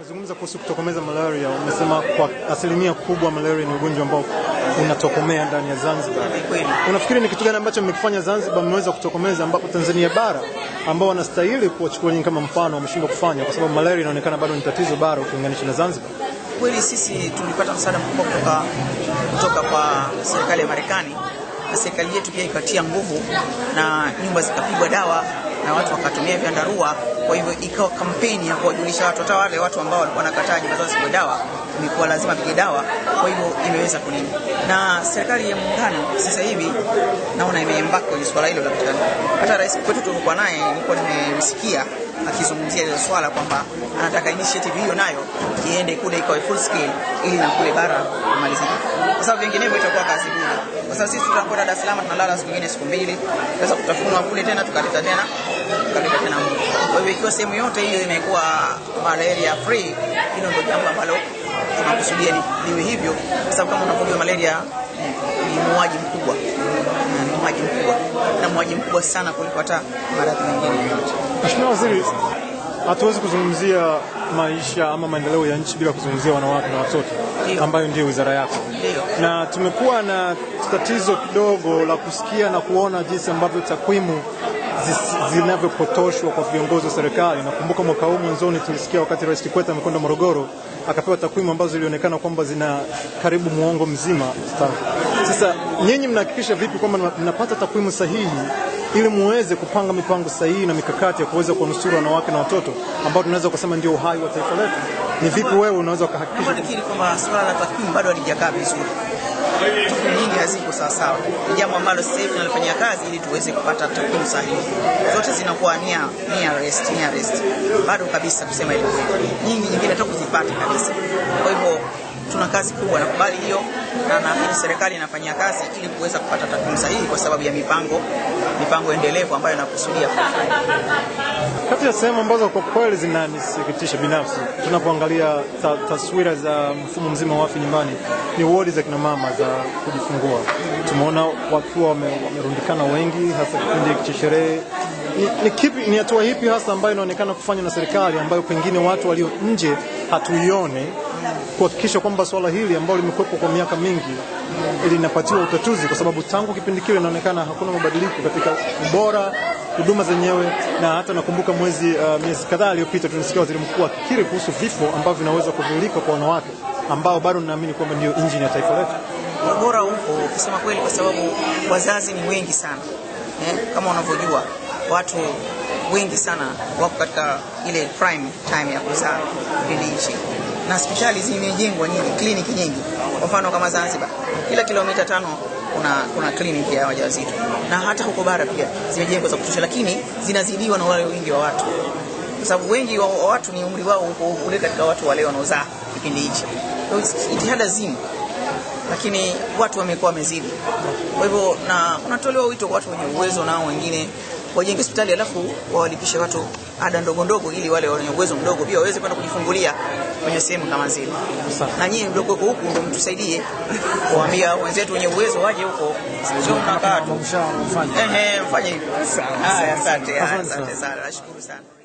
Umezungumza kuhusu kutokomeza malaria, umesema kwa asilimia kubwa malaria ni ugonjwa ambao unatokomea ndani ya Zanzibar. Unafikiri ni kitu gani ambacho mmekifanya Zanzibar mmeweza kutokomeza, ambapo Tanzania bara ambao wanastahili kuwachukua nyinyi kama mfano wameshindwa kufanya, kwa sababu malaria inaonekana bado ni tatizo bara ukilinganisha na Zanzibar? Kweli sisi tulipata msaada mkubwa kutoka kutoka kwa serikali ya Marekani na serikali yetu pia ikatia nguvu na nyumba zikapigwa dawa na watu wakatumia vyandarua. Kwa hivyo ikawa kampeni ya kuwajulisha watu, hata wale watu ambao walikuwa wanakataa jibazao zipigwe dawa, imekuwa lazima pige dawa. Kwa hivyo imeweza kunini, na serikali ya muungano sasa hivi naona imeembaka kwenye swala hilo la vitani. Hata rais kwetu tulikuwa naye, nilikuwa nimesikia akizungumzia ile swala kwamba anataka initiative hiyo nayo iende kule ikawe full scale, ili na kule bara kumalizika, kwa sababu vinginevyo itakuwa kazi kubwa. Kwa sababu sisi tutakwenda Dar es Salaam tunalala siku nyingine siku mbili, tunaweza kutafunwa kule tena tukaleta tena katika Kwa hivyo ikiwa sehemu yote hiyo imekuwa malaria free, hilo ndio jambo ambalo tunakusudia liwe hivyo, kwa sababu kama unavyojua malaria ni muuaji mkubwa, ni muuaji mkubwa na muuaji mkubwa sana kuliko hata maradhi mengine. Mheshimiwa Waziri, hatuwezi kuzungumzia maisha ama maendeleo ya nchi bila kuzungumzia wanawake na watoto ambayo ndiyo wizara yako, na tumekuwa na tatizo kidogo la kusikia na kuona jinsi ambavyo takwimu zinavyopotoshwa kwa viongozi wa serikali. Nakumbuka mwaka huu mwanzoni tulisikia wakati Rais Kikwete amekwenda Morogoro akapewa takwimu ambazo zilionekana kwamba zina karibu muongo mzima. Sasa nyinyi mnahakikisha vipi kwamba mnapata takwimu sahihi ili muweze kupanga mipango sahihi na mikakati ya kuweza kuwanusuru wanawake na watoto ambao tunaweza kusema ndio uhai wa taifa letu? Ni vipi wewe unaweza ukahakikisha? kwamba swala la takwimu bado halijakaa vizuri nyingi haziko sawasawa, ni jambo ambalo sasa tunalifanyia kazi ili tuweze kupata takwimu sahihi. Zote zinakuwa nia nia rest nia rest, bado kabisa kusema ile nyingi nyingine hata kuzipata kabisa tuna kazi kubwa, nakubali hiyo, na naamini serikali inafanyia kazi ili kuweza kupata takwimu sahihi, kwa sababu ya mipango mipango endelevu ambayo inakusudia kufanya. Kati ya sehemu ambazo kwa kweli zinanisikitisha binafsi tunapoangalia ta, taswira za mfumo mzima wa afya nyumbani ni wodi za kinamama za kujifungua. Tumeona wakiwa wamerundikana wame wengi, hasa kipindi cha sherehe ni kipi, ni hatua hipi hasa ambayo inaonekana kufanywa na serikali ambayo pengine watu walio nje hatuione? kuhakikisha kwamba swala hili ambalo limekuwepo kwa miaka mingi linapatiwa utatuzi, kwa sababu tangu kipindi kile inaonekana hakuna mabadiliko katika ubora huduma zenyewe, na hata nakumbuka mwezi uh, miezi kadhaa iliyopita tunasikia waziri mkuu akikiri kuhusu vifo ambavyo vinaweza kuzuilika kwa wanawake ambao bado ninaamini kwamba ndio injini ya taifa letu. Ubora upo kusema kweli, kwa sababu wazazi ni wengi sana eh, kama unavyojua watu wengi sana wako katika ile prime time ya kuzaa nchi na hospitali zimejengwa nyingi, kliniki nyingi. Kwa mfano kama Zanzibar, kila kilomita tano kuna, kuna kliniki ya wajawazito na hata huko bara pia zimejengwa za kutosha, lakini zinazidiwa na wale wingi wa watu, kwa sababu wengi wa watu ni umri wao uko ule katika watu wale wanaozaa kipindi hichi. Jitihada zimu, lakini watu wamekuwa wamezidi. Kwa hivyo na unatolewa wito kwa watu wenye uwezo nao wengine wajenge hospitali alafu wawalipishe watu ada ndogo ndogo, ili wale wenye uwezo mdogo pia waweze kwenda kujifungulia kwenye sehemu kama zile. Na nyinyi mdogo huko huku ndio mtusaidie kuambia wenzetu wenye uwezo waje huko, sio kaka tu. Ehe, mfanye hivyo. Asante, asante sana, nashukuru sana.